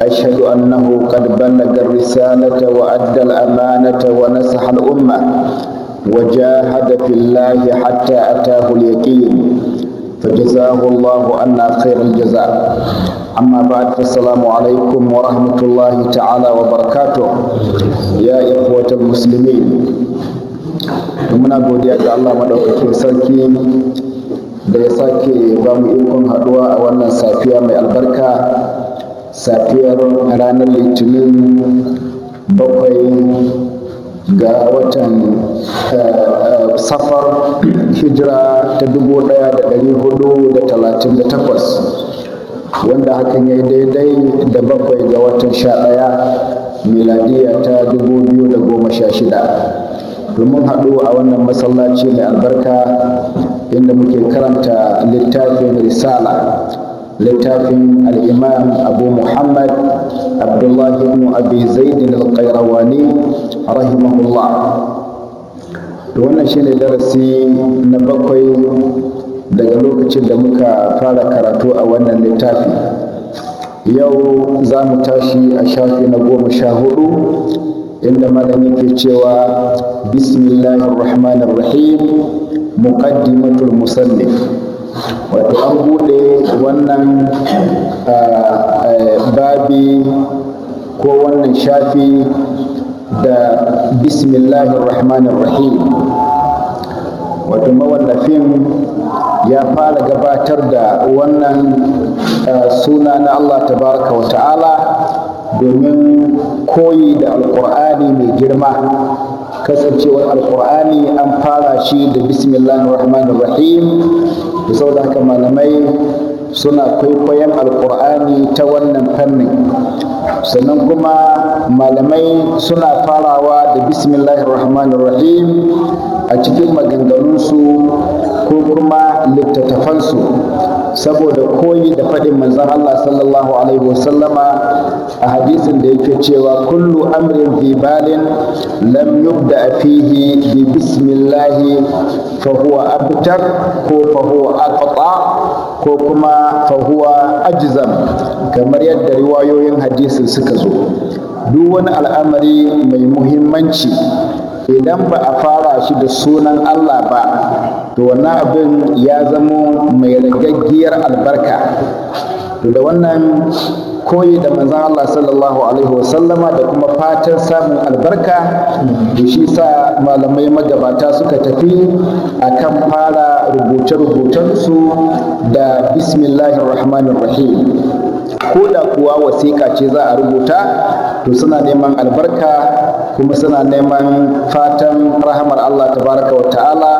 أشهد أنه قد بلغ الرسالة وأدى الأمانة ونصح الأمة وجاهد في الله حتى أتاه اليقين فجزاه الله عنا خير الجزاء أما بعد فالسلام عليكم ورحمة الله تعالى وبركاته يا إخوة المسلمين من أقول يا جعل الله sarki da ya sake ba mu ikon haɗuwa a wannan safiya mai albarka safiyar ranar litinin bakwai ga watan eh, eh, safar hijira ta dubu ɗaya da dari hudu da talatin da takwas wanda hakan ya yi daidai da bakwai ga watan sha ɗaya miladiya ta dubu biyu da goma sha shida domin haɗu a wannan masallaci mai albarka inda muke karanta littafin risala littafin al'imam abu muhammad abdullahi ibn abi zaidin al-qayrawani rahimahullah to wannan shine darasi na bakwai daga lokacin da muka fara karatu a wannan littafi yau za mu tashi a shafi na goma sha hudu inda malam yake cewa bismillahir rahmanir rahim muqaddimatul musannif wato an buɗe wannan eh, eh, babi ko wannan shafi da bismillahir rahmanir rahim wato mawallafin ya fara gabatar da wannan eh, suna na Allah tabaraka wa ta'ala domin koyi da alkur'ani mai girma kasancewar alkur'ani an fara shi da bismillahir rahmanir rahim saboda haka malamai suna kwaikwayon alkur'ani ta wannan fannin sannan kuma malamai suna farawa da bismillahirrahmanirrahim a cikin maganganunsu ko kuma littattafansu saboda koyi da faɗin manzon Allah sallallahu alaihi wasallama a hadisin da yake cewa kullu amrin fi balin lam yubda fihi bi bismillah fa huwa abtar ko fa huwa aqta ko kuma fa huwa ajzam kamar yadda riwayoyin hadisin suka zo duk wani al'amari mai muhimmanci idan ba a fara shi da sunan Allah ba to wannan abin ya zamo mai ragaggiyar albarka to da wannan koyi da manzan Allah sallallahu alaihi wasallama da kuma fatan samun albarka da shi sa malamai magabata suka tafi a kan fara rubuce-rubucensu da bismillahir rahmanir rahim ko da kuwa wasiƙa ce za a rubuta to suna neman albarka kuma suna neman fatan rahamar Allah tabaraka wa ta'ala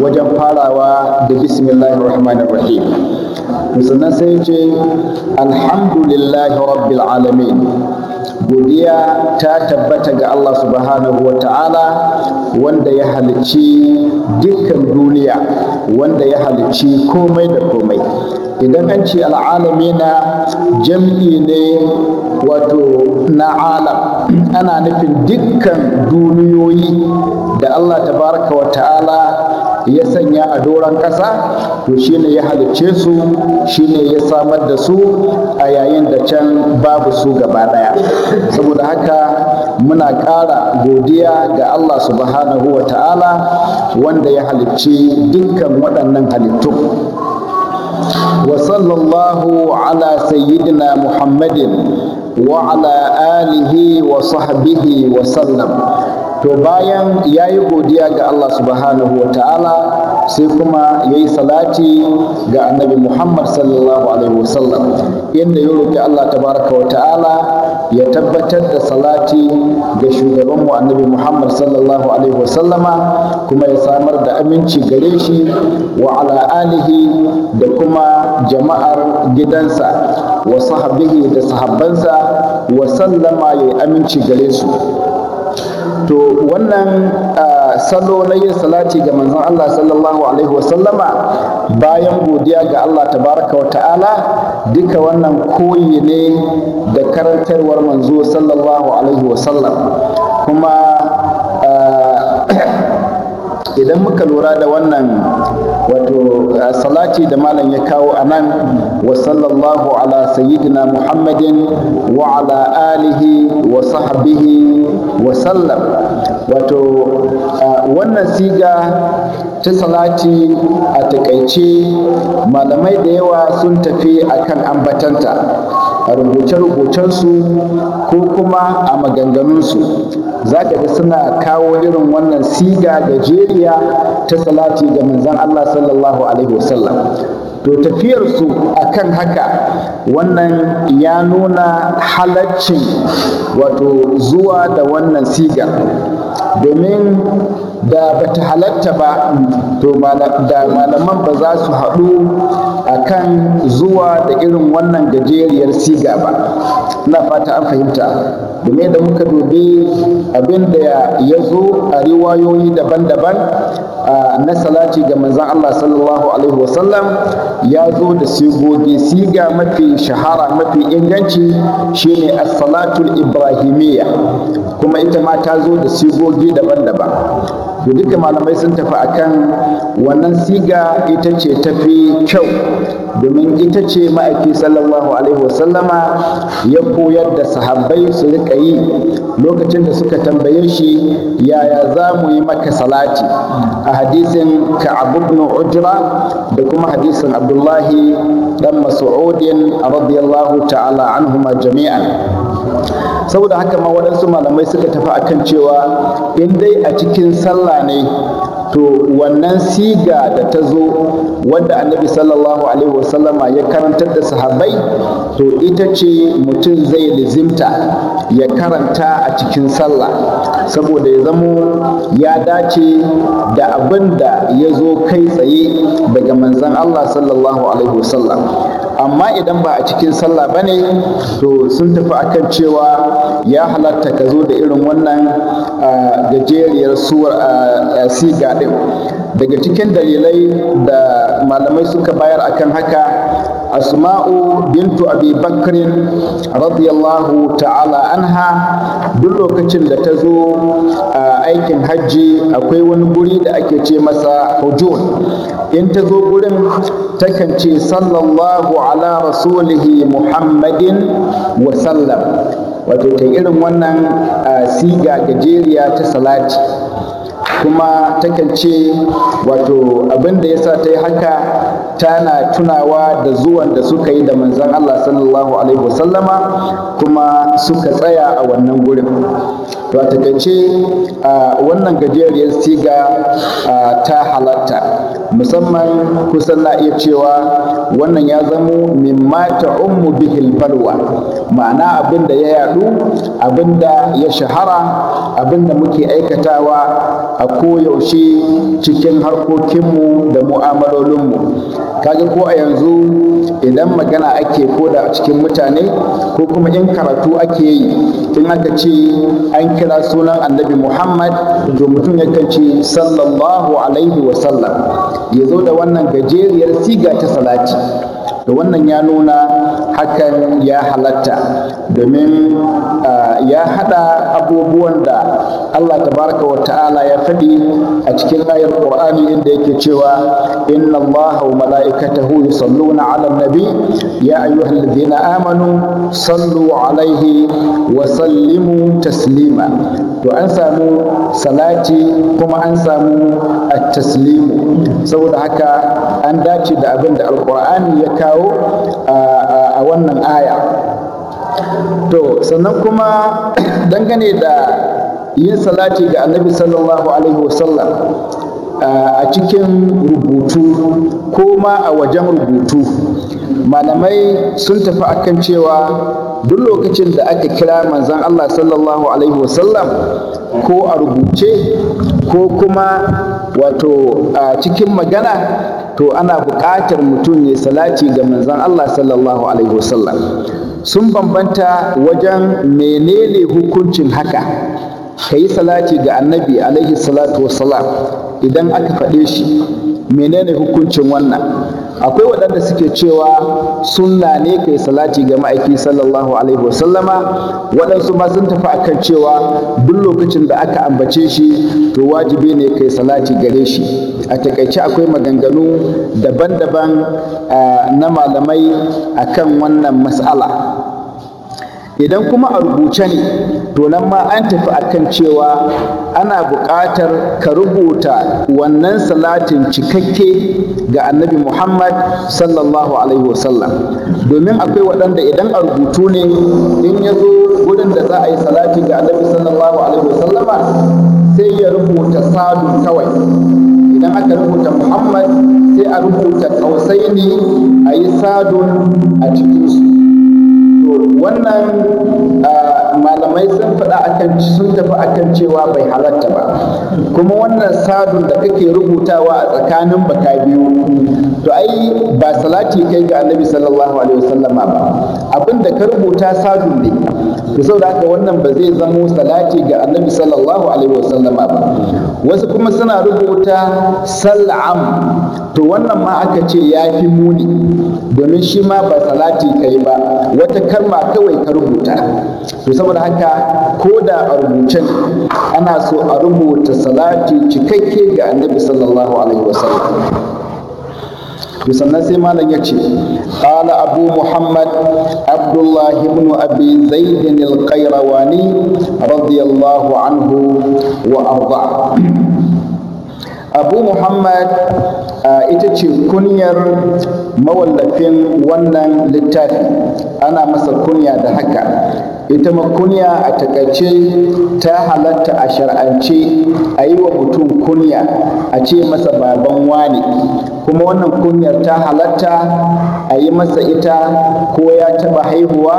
wajen farawa da bismillahir rahmanir rahim musulman sai ce alhamdulillahi rabbil alamin godiya ta tabbata ga Allah subhanahu wa ta'ala wanda ya halici dukkan duniya wanda ya halicci komai da komai idan an ce al'alamina jam'i ne wato na alam ana nufin dukkan duniyoyi da Allah tabaraka wa ta'ala ya sanya a doron ƙasa to shine ya halicce su shine ya samar da su a yayin da can babu su gaba ɗaya saboda haka muna ƙara godiya ga Allah subhanahu wa ta'ala wanda ya halicci dukkan waɗannan halittu وصلى الله على سيدنا محمد وعلى آله وصحبه وسلم to bayan ya yi godiya ga Allah subhanahu wa ta'ala sai kuma ya yi salati ga annabi Muhammad sallallahu alaihi wasallam inda ya roƙi Allah tabaraka wa ta'ala ya tabbatar da salati ga shugabanmu annabi Muhammad sallallahu alaihi wasallama kuma ya samar da aminci gare shi wa ala alihi da kuma jama'ar gidansa wa sahabihi da sahabbansa wa sallama ya aminci gare su to wannan salo na yin salati ga manzon Allah sallallahu alaihi sallama bayan godiya ga Allah tabaraka wa ta'ala duka wannan koyi ne da karantarwar manzo sallallahu alaihi sallam kuma idan muka lura da wannan wato salati da malam ya kawo a nan wa sallallahu ala sayyidina muhammadin wa ala alihi wa sahbihi wa sallam wato wannan siga ta salati a takaice malamai da yawa sun tafi akan ambatanta a rubuce-rubucensu ko kuma a maganganunsu za ka ga suna kawo irin wannan siga da gajeriya ta salati ga manzon Allah sallallahu alaihi wasallam to tafiyarsu a kan haka wannan ya nuna halaccin wato zuwa da wannan sigar. domin da bata halatta ba to da malaman ba za su haɗu a kan zuwa da irin wannan gajeriyar siga ba na fata an fahimta domin da muka dubi abin da ya zo a riwayoyi daban-daban na salati ga manzan Allah sallallahu alaihi wasallam ya zo da sigogi siga mafi shahara mafi inganci shine as-salatul ibrahimiyya kuma ita ma ta zo da sigogi hanyoyi daban-daban to duka malamai sun tafi akan wannan siga ita ce tafi kyau domin ita ce ma'aiki sallallahu alaihi wasallama ya koyar da sahabbai su rika yi lokacin da suka tambaye shi yaya za mu yi maka salati a hadisin ka'ab ibn ujra da kuma hadisin abdullahi dan mas'udin radiyallahu ta'ala anhuma jami'an saboda haka ma waɗansu malamai suka tafi akan cewa in dai a cikin sallah ne to wannan siga da ta zo wadda annabi sallallahu alaihi wasallama ya karantar da sahabbai to ita ce mutum zai lizimta ya karanta a cikin sallah saboda ya zamo ya dace da abin da ya zo kai tsaye daga manzan Allah sallallahu alaihi wasallam amma idan ba a cikin sallah ba ne to sun tafi akan cewa ya halatta ka zo da irin wannan gajeriyar suwar siga ɗin daga cikin dalilai da malamai suka bayar akan haka asma'u bintu abi bakrin radiyallahu ta'ala anha duk lokacin da ta zo a aikin hajji akwai wani guri da ake ce masa hujun in ta zo gurin takan ce sallallahu ala rasulihi muhammadin wa sallam wato ta irin wannan a siga gajeriya ta salati kuma takan ce wato abin da yasa ta yi haka tana tunawa da zuwan da suka yi da manzon Allah sallallahu alaihi wasallama kuma suka tsaya a wannan gurin to a takaice wannan gajeriyar siga ta halatta musamman kusan na iya cewa wannan ya zamo mimma ummu bihil balwa ma'ana abinda ya yadu abinda ya shahara abin da muke aikatawa a koyaushe cikin harkokinmu da mu'amalolinmu kaga ko a yanzu idan magana ake koda a cikin mutane ko kuma in karatu ake yi in aka ce an kira sunan annabi muhammad to mutum yakan ce sallallahu alaihi wasallam ya zo da wannan gajeriyar siga ta salati to wannan ya nuna hakan ya halatta domin ya haɗa abubuwan da Allah tabaraka wa ta'ala ya faɗi a cikin ayar Qur'ani inda yake cewa inna Allah wa mala'ikatahu yusalluna 'alan nabi ya ayyuhalladhina amanu sallu 'alaihi wa sallimu taslima to an samu salati kuma an samu at-taslimu saboda haka an dace da abin da alqur'ani ya kawo kawo a wannan aya to sannan kuma dangane da yin salati ga annabi sallallahu alaihi wasallam a cikin rubutu ko ma a wajen rubutu malamai sun tafi akan cewa duk lokacin da aka kira manzan Allah sallallahu alaihi wasallam ko a rubuce ko kuma wato a cikin magana to ana buƙatar mutum ya salati ga manzon Allah sallallahu alaihi wasallam sun bambanta wajen menene hukuncin haka ka yi salati ga annabi alaihi salatu wasallam idan aka faɗe shi menene hukuncin wannan akwai waɗanda suke cewa sunna ne kai salati ga ma'aiki sallallahu alaihi wasallama waɗansu ma sun tafi akan cewa duk lokacin da aka ambace shi to wajibi ne kai salati gare shi a takaice akwai maganganu daban-daban eh, na malamai akan wannan mas'ala idan kuma a rubuce ne to nan ma an tafi akan cewa ana buƙatar ka rubuta wannan salatin cikakke ga annabi muhammad sallallahu alaihi wasallam domin akwai waɗanda idan a rubutu ne in ya zo wurin da za a yi salati ga annabi sallallahu alaihi wasallama sai ya rubuta sadu kawai idan aka rubuta muhammad sai a rubuta kausai ne a yi sadun a cikinsu wannan ah, malamai sun faɗa akan sun tafi akan cewa bai halatta ba kuma wannan sadun da kake rubutawa a tsakanin baka biyu to ai ba salati kai ga annabi sallallahu alaihi wasallama ba abin da ka rubuta sadun ne to saboda haka wannan ba zai zamo salati ga annabi sallallahu alaihi wasallama ba wasu kuma suna rubuta sal'am to wannan ma aka ce ya fi muni domin shi ma ba salati kai ba wata kalma kawai ka rubuta to saboda haka ko da a rubuce ana so a rubuta salati cikakke ga annabi sallallahu alaihi wasallam to sannan sai malam ya ce ƙala abu muhammad Abdullahi ibn abi zaid al-qayrawani radiyallahu anhu wa arda abu muhammad ita ce kunyar mawallafin wannan littafi ana masa kunya da haka ita ma kunya a takaice ta halatta a shar'ance a yi wa mutum kunya a ce masa baban ne. kuma wannan kunyar ta halatta a yi masa ita ko ya taɓa haihuwa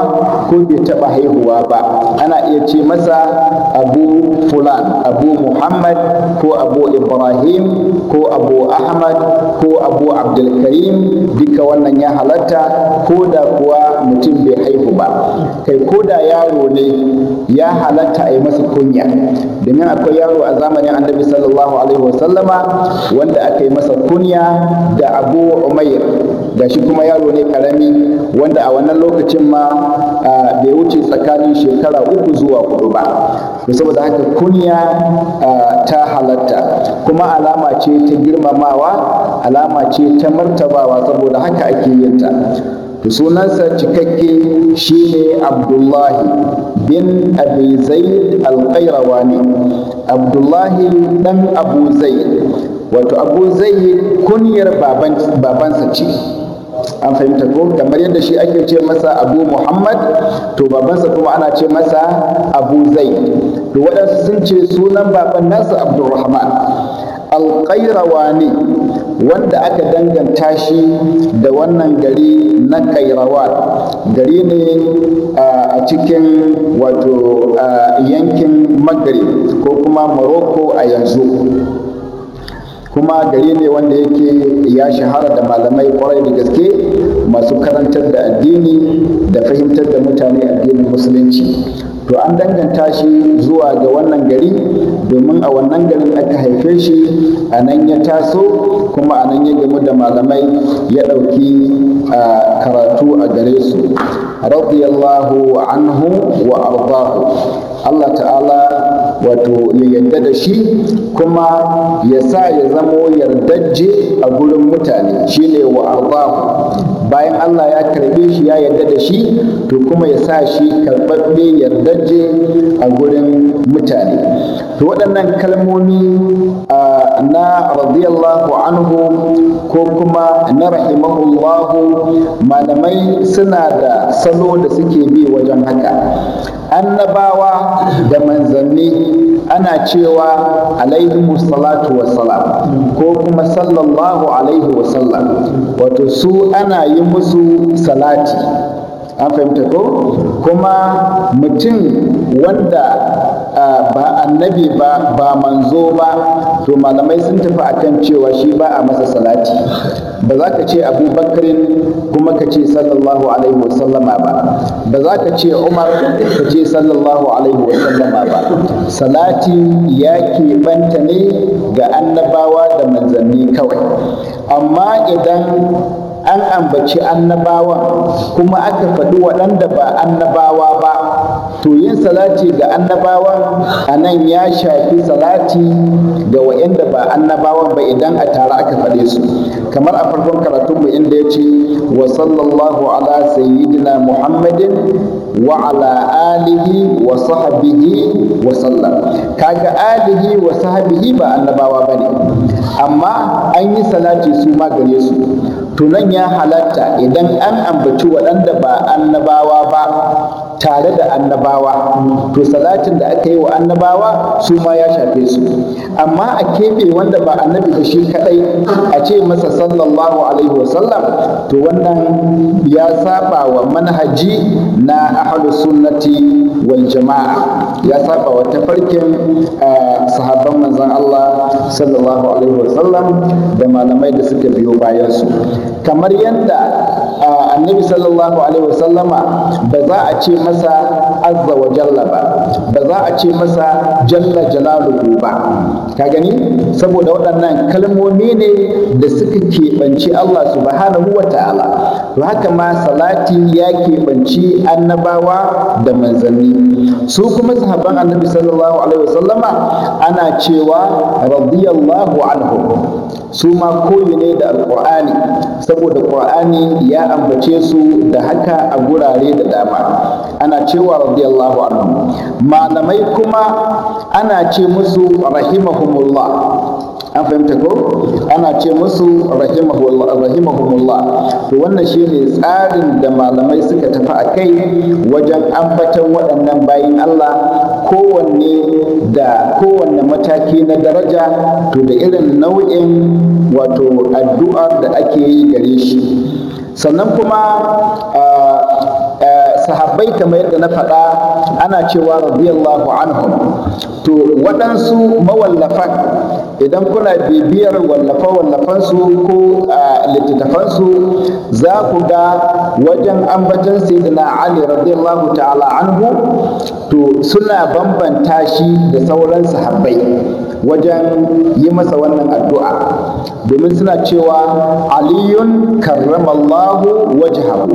ko bai taɓa haihuwa ba ana iya ce masa abu fulan abu muhammad ko abu ibrahim ko abu ahmad ko abu abdulkarim duka wannan ya halatta ko da kuwa mutum bai haihu ba kai ko da ya yaro ne ya halatta a yi masa kunya domin akwai yaro a zamanin annabi sallallahu alaihi wasallama wanda aka yi masa kunya da abu umair da shi kuma yaro ne karami wanda a wannan lokacin ma bai wuce tsakanin shekara uku zuwa hudu ba saboda haka kunya ta halatta kuma alama ce ta girmamawa alama ce ta martabawa saboda haka ake yin ta to sunansa cikakke shine abdullahi bin abi zaid ne. abdullahi dan abu zaid wato abu zaid kunyar babansa ce an fahimta ko kamar yadda shi ake ce masa abu muhammad to babansa kuma ana ce masa abu zaid to waɗansu sun ce sunan baban nasa abdulrahman alƙairawa ne wanda aka danganta shi da wannan gari na kairawar gari ne a cikin wato yankin magari ko kuma morocco a yanzu kuma gari ne wanda yake ya shahara da malamai kwarai da gaske masu karantar da addini da fahimtar da mutane addinin musulunci to an danganta shi zuwa ga wannan gari domin a wannan garin aka haife shi a nan ya taso kuma a nan ya gamu da malamai ya ɗauki karatu a gare su radiyallahu anhu wa ardahu Allah ta'ala wato ya yarda da shi kuma ya sa ya zamo yardajje a gurin mutane shine wa ardahu bayan Allah ya karbe shi ya yarda da shi to kuma ya sa shi karɓaɓɓe yardajje a gurin mutane to waɗannan kalmomi a na radiyallahu anhu ko kuma na rahimahullahu malamai suna da salo da suke bi wajen haka annabawa da manzanni ana cewa alaihi salatu wassalam ko kuma sallallahu alaihi wasallam wato su ana yi musu salati an fahimta ko kuma mutum wanda ba annabi ba ba manzo ba to malamai sun tafi akan cewa shi ba a masa salati ba za ka ce abu bakarin kuma ka ce sallallahu alaihi wasallama ba ba za ka ce umar ka ce sallallahu alaihi wasallama ba salati ya banta ne ga annabawa da manzanni kawai amma idan an ambaci annabawa kuma aka faɗi waɗanda ba annabawa ba to yin salati ga annabawa a nan ya shafi salati ga wa'inda ba annabawa ba idan a tare aka faɗe su kamar a farkon karatunmu inda ya ce wa sallallahu ala sayyidina muhammadin wa ala alihi wa sahabihi wa sallam kaga alihi wa sahabihi ba annabawa bane amma an yi salati su ma gare su tunan ya halatta idan an ambaci waɗanda ba annabawa ba tare da annabawa to salatin da aka yi wa annabawa su ma ya shafe su amma a keɓe wanda ba annabi ba shi kaɗai, a ce masa sallallahu alaihi sallam, to wannan ya saba wa manhaji na ahlus sunnati wal jama'a ya saba wa tafarkin eh, sahabban manzon Allah sallallahu alaihi sallam, da malamai da suka biyo bayan su kamar yadda annabi sallallahu alaihi wasallama ba za a ce masa azza wa jalla ba ba za a ce masa jalla jalaluhu ba ka gani saboda waɗannan kalmomi ne da suka keɓanci Allah subhanahu wa ta'ala to haka ma salati ya keɓanci annabawa da manzanni su kuma sahabban annabi sallallahu alaihi wasallama ana cewa radiyallahu anhu su ma koyi ne da alƙur'ani saboda ƙur'ani ya ambace su da haka a gurare da dama ana cewa radiyallahu anhu malamai kuma ana ce musu rahimahumullah an fahimta ko ana ce musu rahimahumullah to wannan shine tsarin da malamai suka tafi a kai wajen ambatan waɗannan bayin Allah kowanne da kowanne mataki na daraja to da irin nau'in wato addu'ar da ake yi gare shi sannan kuma sahabbai kamar yadda na faɗa ana cewa radiyallahu anhum to waɗansu mawallafan idan kuna bibiyar wallafe wallafansu ko littattafansu za ku ga wajen ambatan sayyidina ali radiyallahu ta'ala anhu to suna bambanta shi da sauran sahabbai wajen yi masa wannan addu'a domin suna cewa aliyun karramallahu wajhahu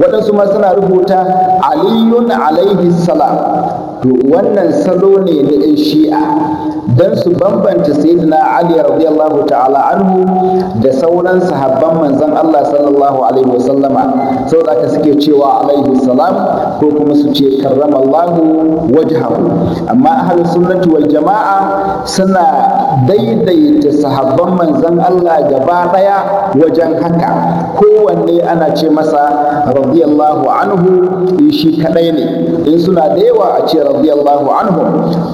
waɗansu ma suna rubuta aliyun alaihi salam to wannan salo ne na yan shi'a don su bambanta sayyidina ali radiyallahu ta'ala anhu da sauran sahabban manzon Allah sallallahu alaihi wasallama sau da suke cewa alaihi salam ko kuma su ce karramallahu wajhahu amma ahlus sunnati wal jama'a suna daidaita sahabban manzon Allah gaba ɗaya wajen haka kowanne ana ce masa radiyallahu anhu shi kaɗai ne in suna da yawa a ce radiyallahu anhu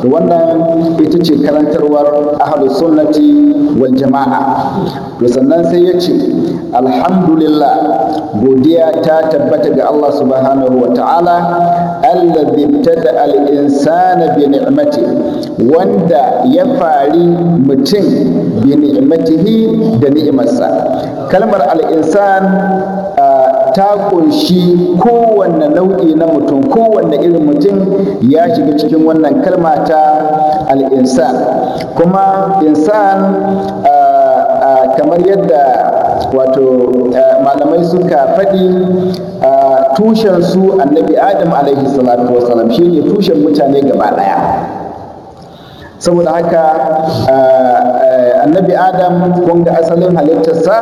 wannan ita ce karantarwar ahlus sunnati wal jama'a sannan sai ya alhamdulillah godiya ta tabbata ga Allah subhanahu wa ta'ala allazi tada al-insana bi ni'mati wanda ya fari mutum bi ni'matihi da ni'imarsa kalmar al-insan ta kunshi kowanne nau'i na mutum kowanne irin mutum ya shiga cikin wannan kalma ta al-insan kuma insan uh, kamar yadda wato eh, malamai suka faɗi eh, tushen su annabi adam alaihi salatu wasalam shi ne tushen mutane gaba ɗaya saboda haka eh, annabi adam kun ga asalin halittarsa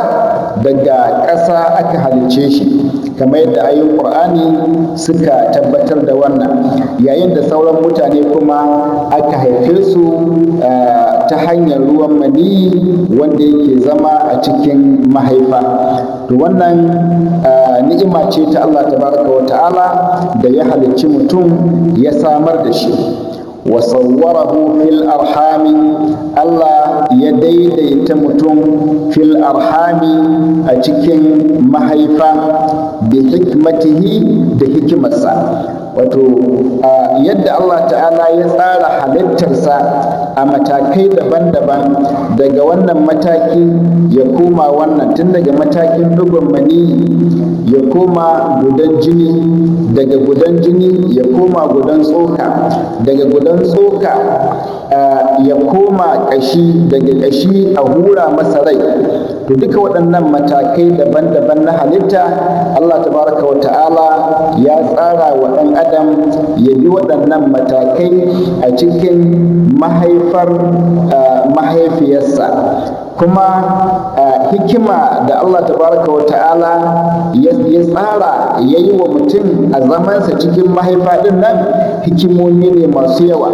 daga ƙasa aka halicce shi kamar yadda ayoyin Qur'ani suka tabbatar da wannan yayin da sauran mutane kuma aka haife su eh, ta hanyar ruwan mani wanda yake zama a cikin mahaifa to wannan eh, ni'ima ce ta Allah tabaraka wa ta'ala da ya halicci mutum ya samar da shi wasawwarahu fil arhami Allah ya daidaita mutum fil arhami a cikin mahaifa bi hikmatihi da hikimarsa wato yadda Allah ta'ala ya tsara halittarsa a matakai daban-daban daga wannan mataki ya koma wannan tun daga matakin dugun mani ya koma gudan jini daga gudan jini ya koma gudan tsoka daga gudan tsoka ya koma ƙashi daga ƙashi a hura masa rai to duka waɗannan matakai daban-daban na halitta Allah Allah tabaraka wa ta'ala ya tsara wa ɗan adam ya bi waɗannan matakai a cikin mahaifar ah, mahaifiyarsa kuma eh, hikima da Allah tabaraka wa ta'ala ya tsara ya yi wa mutum a zamansa cikin mahaifa ɗin nan hikimomi ne masu yawa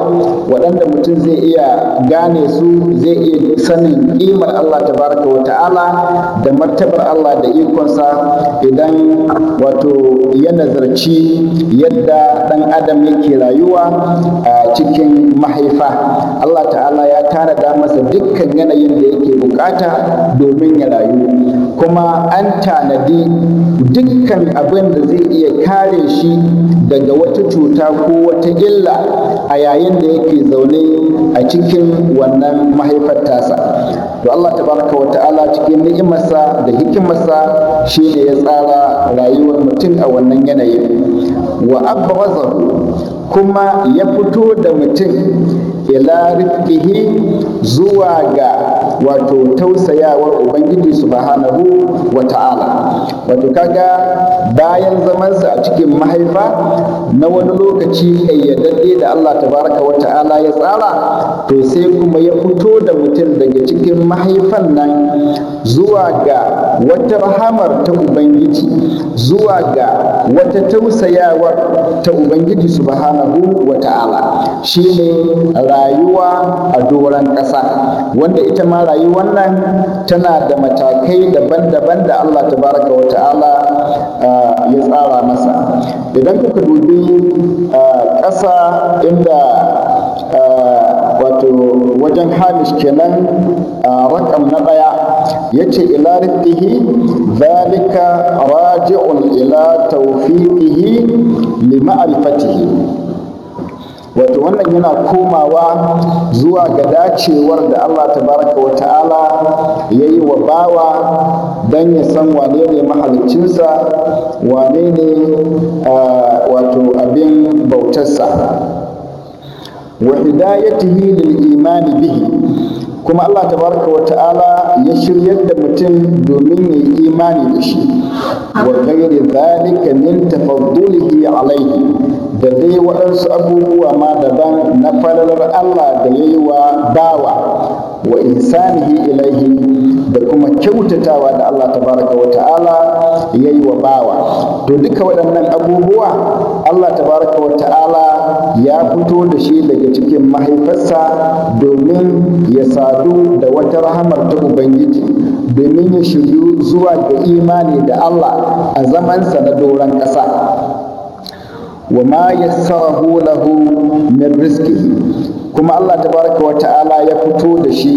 waɗanda mutum zai iya gane su zai iya sanin ƙimar Allah tabaraka wa ta'ala da martabar Allah da ikonsa idan wato ya nazarci yadda ɗan adam yake rayuwa a eh, cikin mahaifa Allah ta'ala ya tara masa dukkan yanayin da yake bukata domin ya rayu kuma an tanadi dukkan abin da zai iya kare shi daga wata cuta ko wata illa a yayin da yake zaune a cikin wannan mahaifar tasa to Allah tabaraka wa ta'ala cikin ni'imarsa da hikimarsa shi ne ya tsara rayuwar mutum a wannan yanayin wa abrazahu kuma ya fito da mutum ila rifqihi zuwa ga wato tausayawar ubangiji subhanahu wa ta'ala wato kaga bayan zamansa a cikin mahaifa na wani lokaci ƙayyadadde da Allah tabaraka wa ta'ala ya tsara to sai kuma ya fito da mutum daga cikin mahaifan nan zuwa ga wata rahamar ta ubangiji zuwa ga wata tausayawar ta ubangiji subhanahu wa ta'ala shine rayuwa a doron ƙasa wanda ita ma rayuwar wannan tana da matakai daban-daban da Allah tabaraka wa ta'ala ya tsara masa idan kuka dubi ƙasa inda wato wajen hamish kenan a rakam na ɗaya ya ce ila zalika raji'un ila tawfiqihi li ma'rifatihi wato wannan yana komawa zuwa ga dacewar da Allah tabaraka wa ta'ala ya yi wa bawa don ya san wane ne mahalicinsa wane ne wato abin bautarsa wa hidayatihi lil imani bihi kuma Allah tabaraka wa ta'ala ya shiryar da mutum domin ya yi imani da shi wa ghairi zalika min tafaddulihi alayhi da dai waɗansu abubuwa ma daban na falalar Allah da ya yi wa bawa wa insanihi ilahi da kuma kyautatawa da Allah baraka wa ta'ala ya yi wa bawa to duka waɗannan abubuwa Allah tabaraka wa ta'ala ya fito da shi daga cikin mahaifarsa domin ya sadu da wata rahamar ta Ubangiji domin ya shiryu zuwa ga imani da Allah a zamansa na doron ƙasa wa ma yassarahu lahu min rizqihi kuma Allah tabaraka wa ta'ala ya fito da shi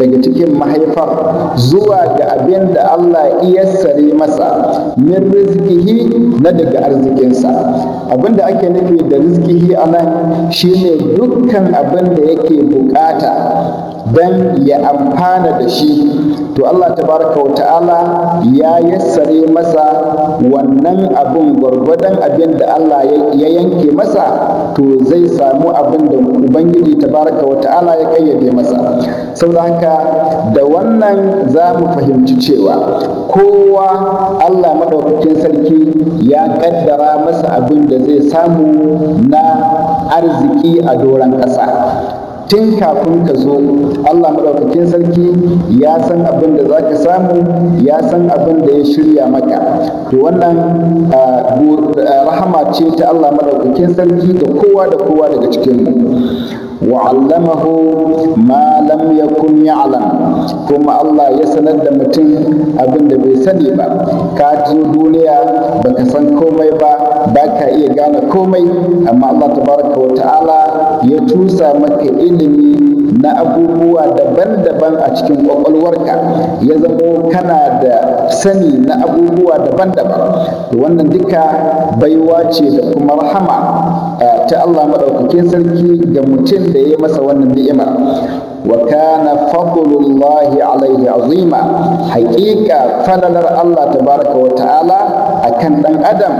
daga cikin mahaifar zuwa ga abin da Allah yassare masa min rizqihi na daga arzikinsa abin da ake nufi da rizqihi anan shine dukkan abin da yake bukata Dan ya amfana da shi to Allah tabaraka wa ta'ala ya yassare masa wannan abin gwargwadon abin da Allah ya yanke masa to zai samu abin da ubangiji tabaraka wa ta'ala ya kayyade masa saboda haka da wannan za mu fahimci cewa kowa Allah maɗaukakin sarki ya kaddara masa abin da zai samu na arziki a doron ƙasa tun kafin ka zo Allah madaukakin sarki ya san abin da ka samu ya san abin da ya shirya maka to wannan rahama ce ta Allah madaukakin sarki ga kowa da kowa daga cikin mu وعلمه ما لم يكن allah ya sanar da mutum abin da bai sani ba ka zo duniya baka san komai ba baka iya gane komai amma Allah tabaraka wa ta'ala ya tusa maka ilimi na abubuwa daban-daban a cikin ƙwaƙwalwarka. ya zamo kana da sani na abubuwa daban-daban wannan duka baiwa ce da kuma rahama ta Allah madaukakin sarki ga mutum da ya masa wannan ni'ima wa kana fadlullahi alaihi azima haqiqa fadlar Allah tabaraka wa ta'ala kan ɗan adam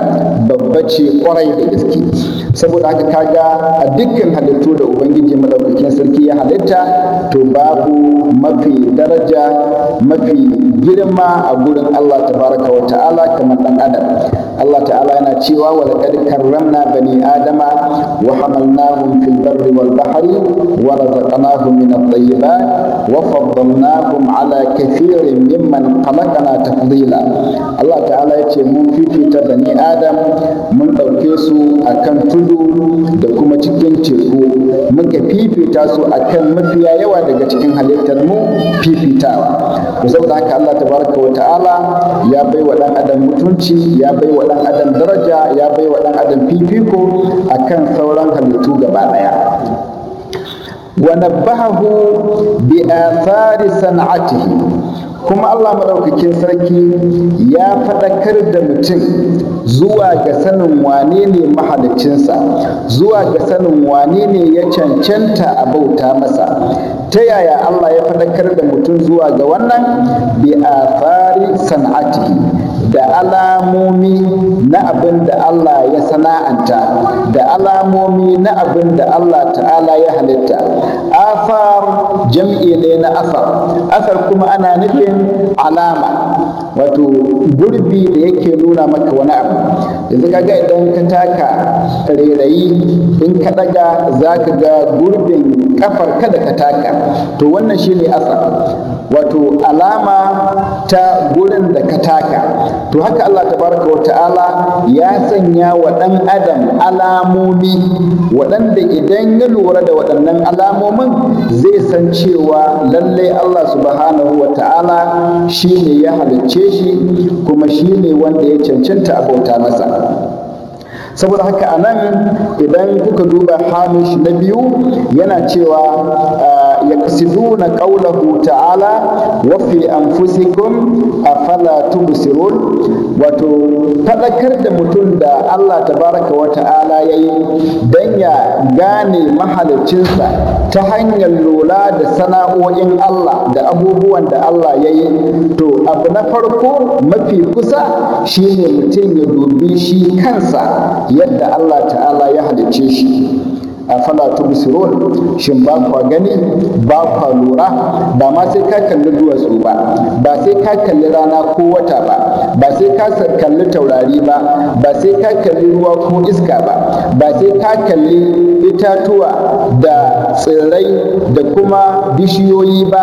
babba ce kwarai da gaske saboda haka kaga a dukkan halittu da ubangiji madaukakin sarki ya halitta to babu mafi daraja mafi girma a gurin Allah tabaraka wa ta'ala kamar ɗan adam Allah ta'ala yana cewa wa laqad karramna bani adama wa hamalnahum fil barri wal bahri wa razaqnahum min at wa faddalnahum ala kathirin mimman khalaqna tafdila Allah ce mun fifita bani adam mun ɗauke su a kan tudu da kuma cikin teku muka fifita su a kan mafiya yawa daga cikin halittar mu fifitawa ku saboda haka Allah baraka wa ta'ala ya bai wa ɗan adam mutunci ya bai wa ɗan adam daraja ya bai wa ɗan adam fifiko a kan sauran halittu gaba ɗaya ونبهه بآثار صنعته kuma Allah maɗaukakin sarki ya faɗakar da mutum zuwa ga sanin wane ne mahaliccinsa zuwa ga sanin wane ne ya cancanta a bauta masa ta yaya Allah ya faɗakar da mutum zuwa ga wannan bi a fari san'atihi da alamomi na abin da Allah ya sana'anta da alamomi na abin da Allah ta'ala ya halitta afar jam'i ne na afar afar kuma ana nufin alama wato gurbi da yake nuna maka wani abu yanzu kaga idan ka taka rairayi in ka daga za ka ga gurbin kafar da ka taka to wannan shi ne asar wato alama ta gurin da ka taka to haka Allah tabaraka wa ta'ala ya sanya wa ɗan adam alamomi waɗanda idan ya lura da waɗannan alamomin zai san cewa lallai Allah subhanahu wa ta'ala shi ne ya halicce shi kuma shi ne wanda ya cancanta a bauta masa saboda haka a nan idan kuka duba hamish na biyu yana cewa يفسدون ta'ala تعالى وفي أنفسكم أفلا تبصرون wato faɗakar da mutum da Allah tabaraka wa ta'ala ya yi ya gane mahalicinsa ta hanyar lura da sana'o'in Allah da abubuwan da Allah ya yi to abu na farko mafi kusa shine mutum ya dubi shi kansa yadda Allah ta'ala ya halicce shi afala tubsirun shin ba kwa gani ba kwa lura ba ma sai ka kalli duwatsu ba ba sai ka kalli rana ko wata ba ba sai ka kalli taurari ba ba sai ka kalli ruwa ko iska ba ba sai ka kalli itatuwa da tsirrai da kuma bishiyoyi ba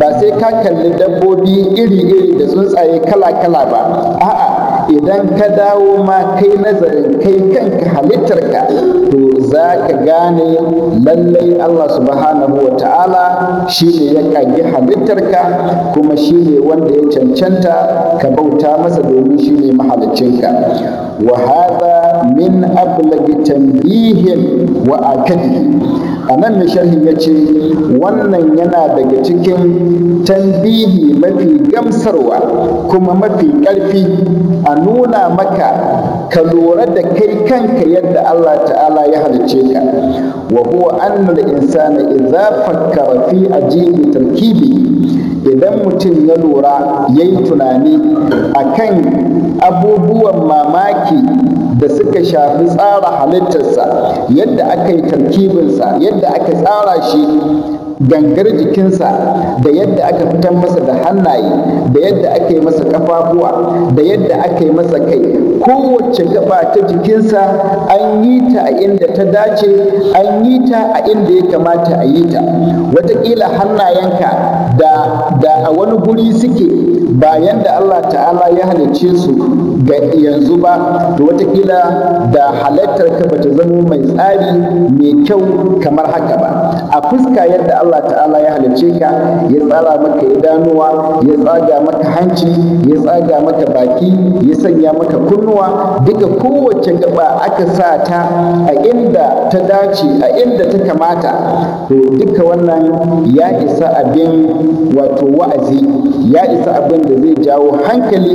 ba sai ka kalli dabbobi iri-iri da tsuntsaye kala-kala ba a'a idan ka dawo ma kai nazarin kai kanka halittarka to za ka gane lallai Allah subhanahu wa ta'ala shi ne ya kagi halittarka kuma shi ne wanda ya cancanta ka bauta masa domin shi ne mahaliccinka wa hada min ablagi tanbihin wa akadi a nan na sharhin ya ce wannan yana daga cikin tambihi mafi gamsarwa kuma mafi ƙarfi a nuna maka ka lura da kai kanka yadda Allah ta'ala ya halice ka wa huwa annal insana idza fakkara fi ajibi tarkibi idan mutum ya lura yayi tunani akan abubuwan mamaki da suka shafi tsara halittarsa yadda aka yi tarkibinsa yadda aka tsara shi gangar jikinsa da yadda aka fitar masa da hannaye da yadda aka yi masa kafafuwa da yadda aka yi masa kai kowace gaba ta jikinsa an yi ta a inda ta dace an yi ta a inda ya kamata a yi ta wataƙila hannayenka da a wani guri suke ba yadda Allah ta'ala ya halicce su ga yanzu ba to watakila da halittar ka bata zama mai tsari mai kyau kamar haka ba a fuska yadda Allah ta'ala ya halicce ka ya tsara maka idanuwa ya tsaga maka hanci ya tsaga maka baki ya sanya maka kunnuwa duka kowace gaba aka sa ta a inda ta dace a inda ta kamata to duka wannan ya isa abin wato wa'azi ya isa abin da da zai jawo hankali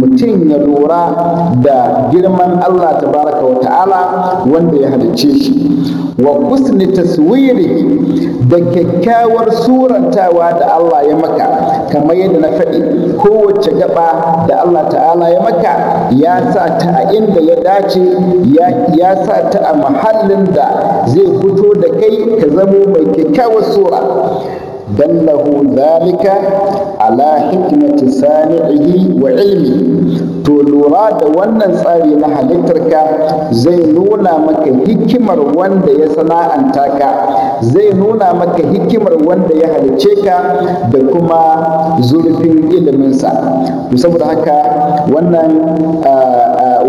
mutum ya lura da girman Allah tabaraka wa ta'ala wanda ya halicce shi wa kusni taswiri da kyakkyawar surantawa da Allah ya maka kamar yadda na faɗi kowace gaba da Allah ta'ala ya maka ya sa ta a inda ya dace ya sa ta a mahallin da zai fito da kai ka zamo mai kyakkyawar sura dallahu zalika ala hikmati sani'ihi wa ilmi to lura da wannan tsari na halittarka zai nuna maka hikimar wanda ya sana'anta ka zai nuna maka hikimar wanda ya halice ka da kuma zurfin iliminsa saboda haka wannan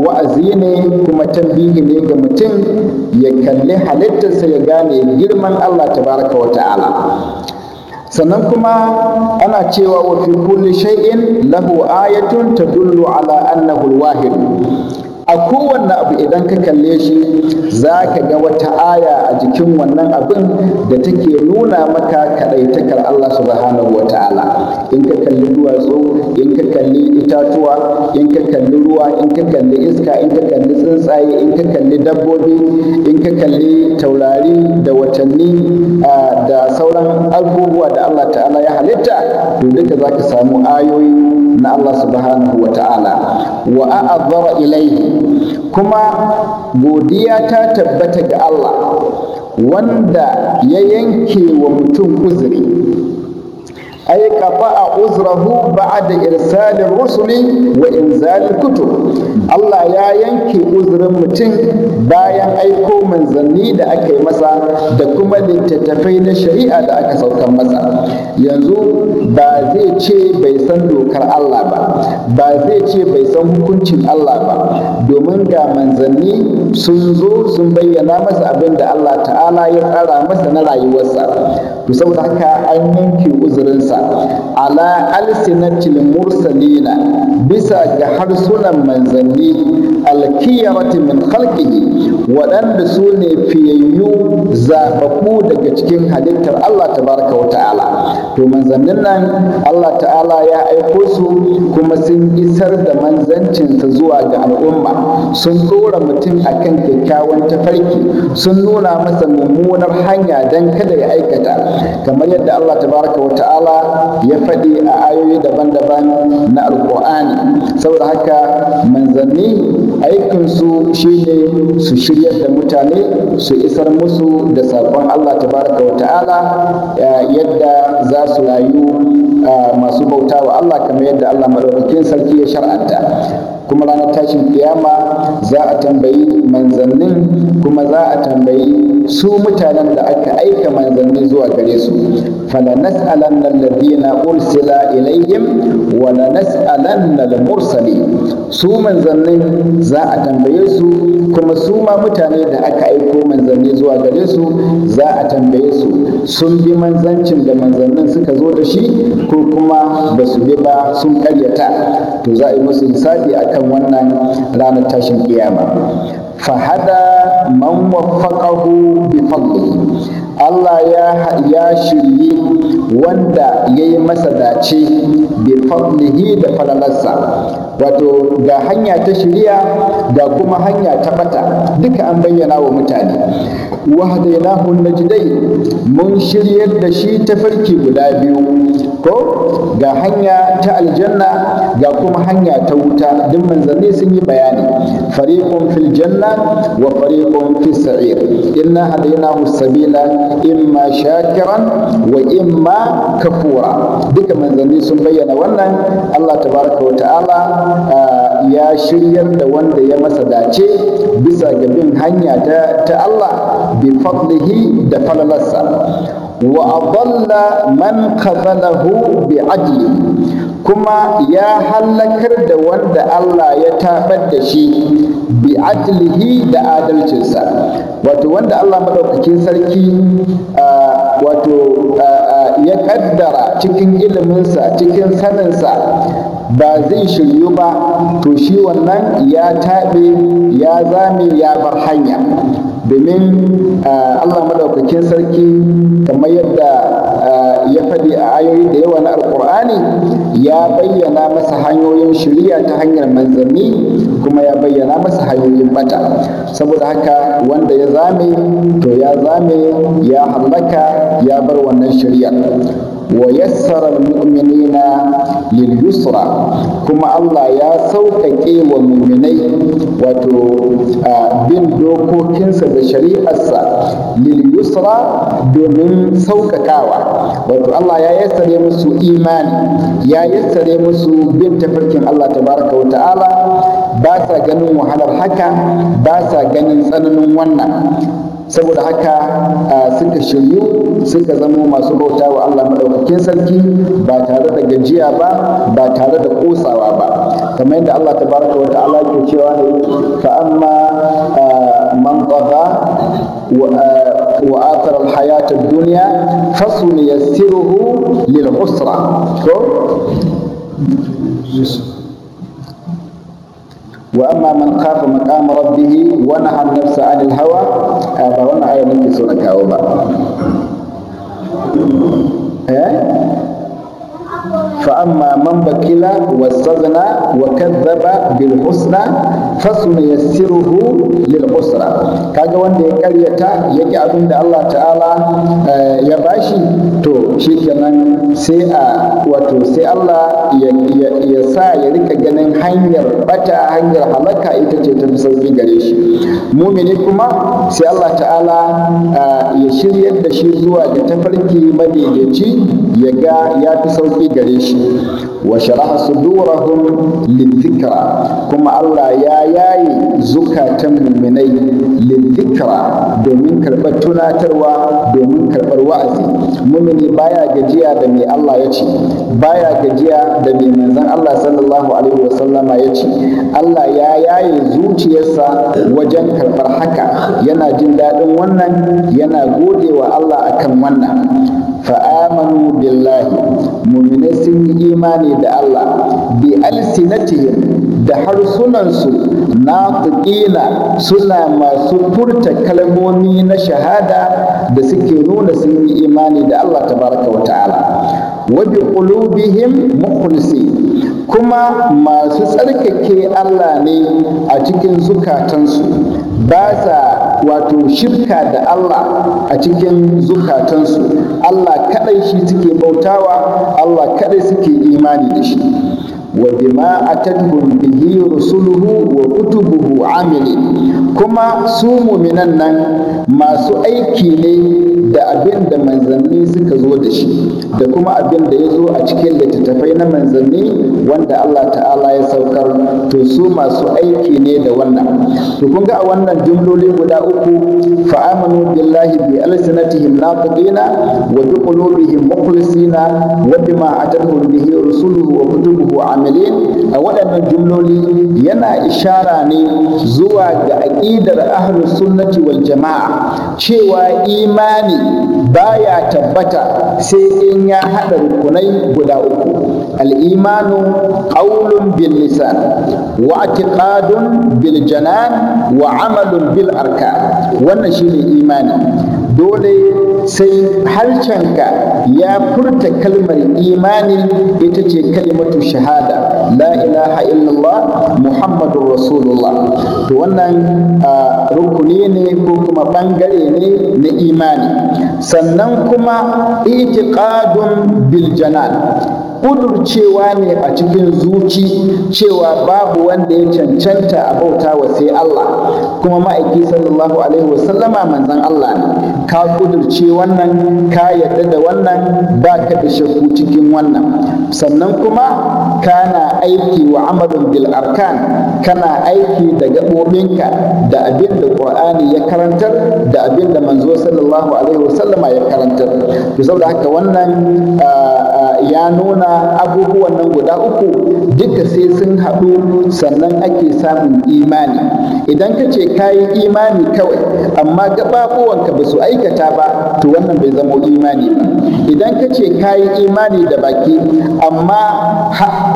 wa'azi ne kuma tambihi ne ga mutum ya kalli halittarsa ya gane girman Allah tabaraka wa ta'ala sannan kuma ana cewa wa fi kulli shay'in lahu ayatun tadullu ala annahu alwahid a kowanne abu idan ka kalle shi za ka ga wata aya a jikin wannan abin da take nuna maka kaɗaitakar Allah subhanahu wa ta'ala in ka kalli duwatsu in ka kalli itatuwa in ka kalli ruwa in ka kalli iska in ka kalli tsuntsaye in ka kalli dabbobi in ka kalli taurari da watanni ah, da abubuwa da Allah ta'ala ya halitta to duka za ka samu ayoyi na Allah subhanahu wa ta'ala wa a'adhara ilaihi kuma godiya ta tabbata ga Allah wanda ya yanke wa mutum uzuri ay a uzrahu da irsal rusuli wa inzal kutu Allah ya yanke uzurin mutum bayan aiko manzanni da aka yi masa da kuma littattafai na shari'a da aka saukar masa yanzu ba zai ce bai san dokar Allah ba ba zai ce bai san hukuncin Allah ba domin ga manzanni sun zo sun bayyana masa abin da Allah ta'ala ya tsara masa na rayuwarsa saboda haka an yanke uzurinsa ala alsinatil mursalina bisa ga harsunan manzanni alkiyarati min khalqihi waɗanda su ne fiyayyu zaɓaɓɓu daga cikin halittar Allah tabaraka wa ta'ala to manzannin nan Allah ta'ala ya aiko su kuma sun isar da manzancinsa zuwa ga al'umma sun tsora mutum akan kyakkyawan tafarki sun nuna masa mummunar hanya don kada ya aikata kamar yadda Allah tabaraka wa ta'ala ya faɗi a ayoyi daban-daban na alkur'ani saboda haka manzanni aikinsu shi ne su shiryar da mutane su isar musu da saƙon allah tabaraka wa ta'ala eh, yadda za su rayu eh, masu bauta wa allah kamar yadda allah maɗaukakin sarki ya shar'anta kuma ranar tashin kiyama za a tambayi manzannin kuma za a tambayi su mutanen da aka aika manzanni zuwa gare su fala nas'alanna alladhina ursila ilayhim wa la nas'alanna al su manzannin za a tambaye su kuma su ma mutane da aka aiko manzanni zuwa gare su za a tambaye su sun bi manzancin da manzannin suka zo da shi ko kuma ba su bi ba sun karyata to za a yi musu hisabi akan akan wannan ranar tashin kiyama fa hada man waffaqahu bi fadlihi Allah ya ya shirye wanda yayi masa dace bi fadlihi da falalarsa wato ga hanya ta shirya ga kuma hanya ta bata duka an bayyana wa mutane wahadainahu najdai mun shiryar da shi tafarki guda biyu ko ga hanya ta aljanna ga kuma hanya ta wuta duk manzanni sun yi bayani fariqun fil janna wa fariqun fis sa'ir inna hadainahu sabila imma shakiran wa imma kafura duka manzanni sun bayyana wannan Allah tabaraka wa ta'ala ya shiryar da wanda ya masa dace bisa ga bin hanya ta Allah bi fadlihi da falalarsa wa adalla man qadalahu bi adli kuma ya halakar da wanda Allah ya tabar da shi bi adlihi da adalcinsa wato wanda Allah madaukakin sarki wato ya kaddara cikin iliminsa cikin saninsa ba zai shiryu ba to shi wannan ya taɓe ya zame ya bar hanya domin Allah madaukakin sarki kamar yadda ya faɗi a ayoyi da yawa na alkur'ani ya bayyana masa hanyoyin shirya ta hanyar manzanni kuma ya bayyana masa hanyoyin bata saboda haka wanda ya zame to ya zame ya hallaka ya bar wannan shirya. wa yassara almu'minina lil yusra kuma Allah ya sauƙaƙe wa mu'minai wato bin dokokinsa da shari'arsa lil yusra domin sauƙaƙawa wato Allah ya yassare musu imani ya yassare musu bin tafarkin Allah tabaraka wa ta'ala ba sa ganin wahalar haka ba sa ganin tsananin wannan saboda haka suka shiryu suka zama masu bauta wa Allah madaukakin sarki ba tare da gajiya ba ba tare da kosawa ba kamar yadda Allah tabaraka wa ta'ala ke cewa ne fa amma man qada wa athara al-hayat ad-dunya yassiruhu lil usra to وأما من خاف مقام ربه ونهى النفس عن الهوى eh ba wannan ayar nake so na kawo ba eh fa amma man bakila wa sagna wa kadzaba bil husna fa sunayassiruhu lil usra kaga wanda ya karyata yake abin da Allah ta'ala eh, ya bashi to kenan sai a wato sai Allah ya sa ya rika ganin hanyar bata hanyar halaka ita ce ta fi sauki gare shi mumini kuma sai Allah ta'ala ya shiryar da shi zuwa ga tafarki madaidaici ya ga ya fi sauki gare shi wa sharaha sudurahum lidhikra kuma Allah ya yayi zukatan muminai lidhikra domin karbar tunatarwa domin karbar wa'azi mumini ba baya gajiya da mai Allah ya ce baya gajiya da mai manzon Allah sallallahu alaihi wasallama ya ce Allah ya yaye zuciyarsa wajen karɓar haka yana jin daɗin wannan yana gode wa Allah akan wannan fa'amanu billahi muminai sun yi imani da Allah bi alsinatihim da harsunansu na tuƙina suna masu furta kalmomi na shahada da suke nuna sun yi imani da Allah tabaraka wa ta'ala wa bi qulubihim kuma masu tsarkake Allah ne a cikin zukatansu ba sa wato shirka da Allah a cikin zukatansu Allah kaɗai shi suke bautawa Allah kaɗai suke imani da shi وبما أتتهم به رسله وكتبه عمل كما سوموا من النن ما سؤيكي لي da abin da manzanni suka zo da shi da kuma abin da ya zo a cikin littattafai na manzanni wanda Allah ta'ala ya saukar to su masu aiki ne da wannan to kun ga a wannan jumloli guda uku fa amanu billahi bi alsinatihim naqidina wa bi qulubihim mukhlisina wa bima atahum bihi rusuluhu wa kutubuhu amilin a waɗannan jumloli yana ishara ne zuwa ga aƙidar ahlus sunnati wal jama'a cewa imani baya tabbata sai in ya haɗa rukunai guda uku al-imanu qawlun bil lisan wa i'tiqadun bil janan wa amalun bil arkan wannan shine imani dole sai harshenka ya furta kalmar imani ita ce kalimatu shahada la ilaha illallah muhammadu rasulullah to wannan rukuni ne ko kuma bangare ne na imani sannan kuma itiqadun bil janan Kudurcewa ne a cikin zuci cewa babu wanda ya cancanta a bauta wa sai Allah kuma ma'aiki sallallahu alaihi wasallama manzan Allah ne ka kudurce wannan ka yarda da wannan ba ka da shakku cikin wannan sannan kuma kana aiki wa amalin bil arkan kana aiki da gaɓoɓinka da abin da qurani ya karantar da abin da manzo sallallahu alaihi wasallama ya karantar to saboda haka wannan ah, ah, ya nuna abubuwan nan guda uku duka sai sun haɗu sannan ake samun imani idan ka ce ka yi imani kawai amma gaɓaɓuwanka ba su aikata ba to wannan bai zama imani ba idan ka ce ka yi imani da baki amma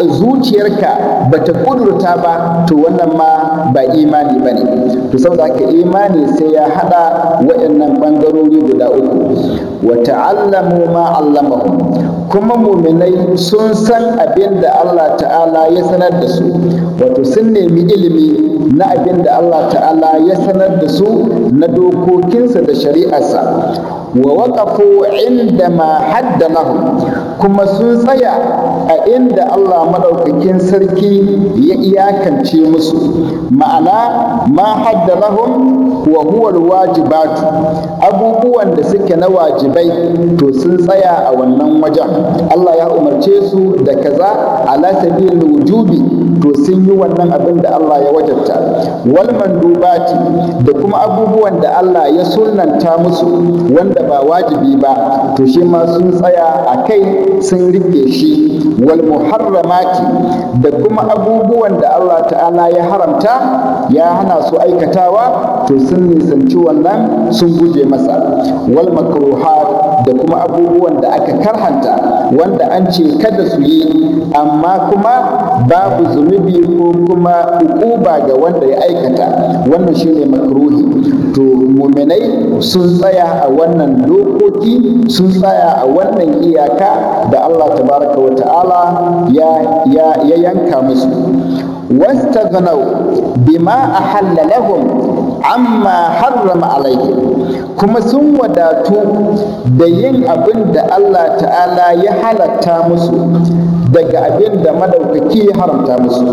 zuciyarka ba ta ƙudurta ba to wannan ma ba imani ba ne to saboda haka imani sai ya haɗa waɗannan ɓangarori guda uku wata ta'allamu ma allama. kuma muminai sun san abin da Allah ta'ala ya sanar da su wato sun nemi ilimi na abin da Allah ta'ala ya sanar da su na dokokinsa da shari'arsa wa waƙafu inda ma hadda kuma sun tsaya a inda Allah maɗaukakin sarki ya iyakance musu ma'ana ma hadda wa huwal wajibatu abubuwan da suke na wajibai to sun tsaya a wannan wajen Allah ya umarce su da kaza ala sabilil wujubi to sun yi wannan abin da Allah ya wajabta wal mandubati da kuma abubuwan da Allah ya sunnanta musu wanda ba wajibi ba to shi ma sun tsaya a kai sun rike shi wal muharramati da kuma abubuwan da Allah ta'ala ya haramta ya hana su aikatawa to sun nisanci wannan sun guje masa wal makruhat da kuma abubuwan da aka karhanta wanda an ce kada su yi amma kuma babu zunubi ko kuma ukuba ga wanda ya aikata wannan shine makruhi to muminai sun tsaya a wannan dokoki sun tsaya a wannan iyaka da Allah tabaraka wa ta'ala ya yanka musu wastaghnaw bima ahalla lahum amma harrama alaihi kuma sun wadatu da yin abin da Allah ta'ala ya halatta musu daga abin da madaukaki ya haramta musu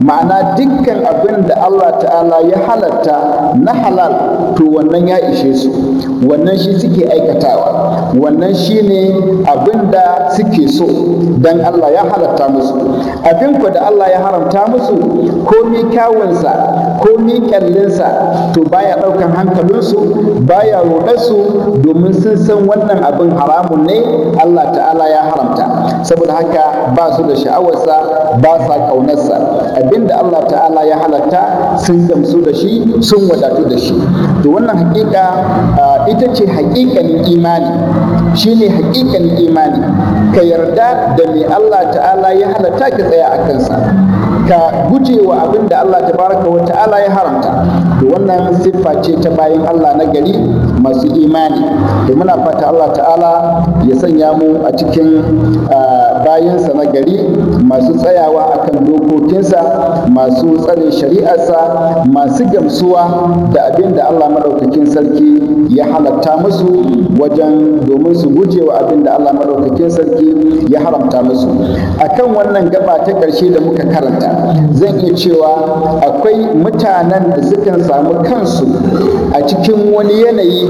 ma'ana dukkan abin da Allah ta'ala ya halatta na halal to wannan ya ishe su wannan shi suke aikatawa wannan shi ne abin da suke so don Allah ya halatta musu abin ku da Allah ya haramta musu komi kyawunsa komi kyallinsa to baya ɗaukan hankalinsu baya roɗarsu domin sun san wannan abin haramun ne Allah ta'ala ya haramta saboda haka ba su da sha'awarsa ba sa ƙaunarsa abinda Allah ta'ala ya halatta sun gamsu da shi sun wadatu da shi to wannan haƙiƙa ita ce haƙiƙanin imani shi ne haƙiƙanin imani ka yarda da mai Allah ta'ala ya halatta ka tsaya a kansa ka wa abin da Allah tabaraka wa ta'ala ya haramta to wannan siffa ce ta bayan Allah na gari masu imani to muna fata Allah ta'ala ya sanya mu a cikin bayansa na gari masu tsayawa akan dokokinsa masu tsare shari'arsa masu gamsuwa da abin da Allah maɗaukakin sarki ya halatta musu wajen domin su wa abin da Allah maɗaukakin sarki ya haramta musu akan wannan gaba ta ƙarshe da muka karanta zan iya cewa akwai mutanen da suka samu kansu a cikin wani yanayi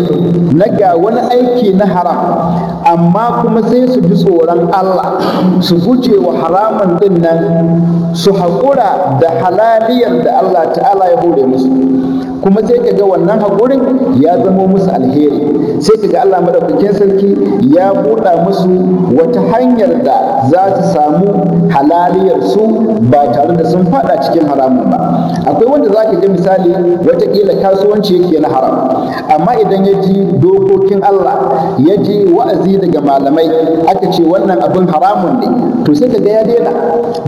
na ga wani aiki na haram amma kuma sai su ji tsoron Allah su guje wa haramun din nan su haƙura da halaliyar da Allah ta'ala ya hore musu kuma sai ka ga wannan haƙurin ya zama musu alheri sai ka ga Allah madaukakin sarki ya buɗa musu wata hanyar da za su samu halaliyar su ba tare da sun faɗa cikin haramun ba akwai wanda za ka ga misali ƙila kasuwanci yake na haram amma idan ya ji dokokin Allah ya ji wa'azi daga malamai aka ce wannan abin haramun ne to sai ka ga ya daina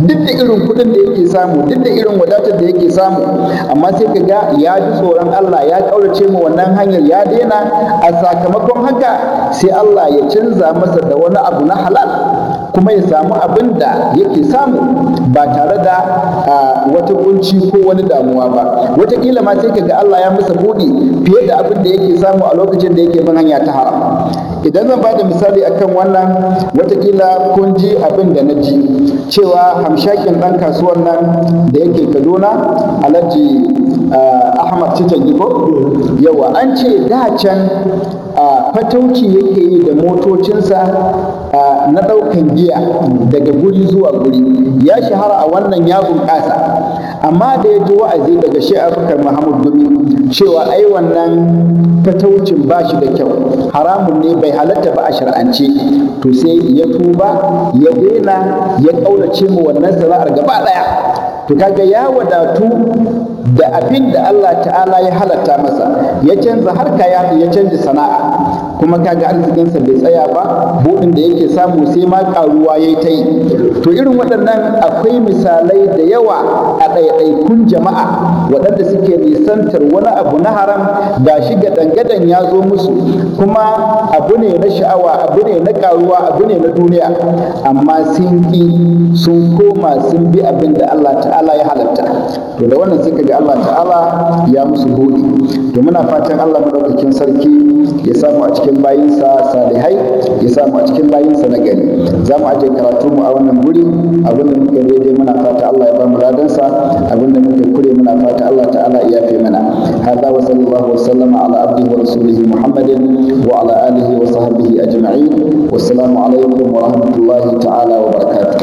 duk da irin kuɗin da yake samu duk da irin wadatar da yake samu amma sai ka ga ya ji tsoron Allah ya ƙaurace mu wannan hanyar ya daina a sakamakon haka sai Allah ya canza masa da wani abu na halal kuma ya samu abin da yake samu ba tare da wata kunci ko wani damuwa ba wataƙila ma sai kaga Allah ya masa buɗe fiye da abin da yake samu a lokacin da yake bin hanya ta haram idan zan bada misali akan wannan watakila kun ji abin da na ji cewa hamshakin ɗan kasuwar nan da yake kaduna alhaji Uh, ahmad titan yawa an ce da can uh, fatauci yake yi da motocinsa uh, na ɗaukan giya daga guri zuwa guri ya shahara a wannan ya ƙasa. amma da ya ji wa'azi daga shi abubakar muhammad gumi cewa ai wannan fataucin ba shi da kyau haramun ne bai halatta ba a shar'ance to sai ya tuba ya daina ya ƙaunace mu wannan sana'ar gaba ɗaya to kaga ya wadatu da abin da Allah ta'ala ya halatta masa ya canza harka ya ya canza sana'a kuma kaga arzikinsa bai tsaya ba buɗin da yake samu sai ma ƙaruwa ya ta yi to irin waɗannan akwai misalai da yawa a ɗaiɗaikun jama'a waɗanda suke nisantar wani abu na haram ga shi ga dangadan ya zo musu kuma abu ne na sha'awa abu ne na ƙaruwa abu ne na duniya amma sun ƙi sun koma sun bi abin da Allah ta'ala ya halatta to da wannan suka ga sai Allah ta'ala ya musu buɗe to muna fatan Allah madaukakin sarki ya samu a cikin bayinsa salihai ya samu a cikin bayinsa na gari za mu aje karatu mu a wannan guri abin da muka daidai muna fata Allah ya ba mu ladansa abin da muka kure muna fata Allah ta'ala ya fi mana hada wa sallallahu wa sallama ala abdihi wa rasulihi muhammadin wa ala alihi wa sahbihi ajma'in wassalamu alaikum wa rahmatullahi ta'ala wa barakatuh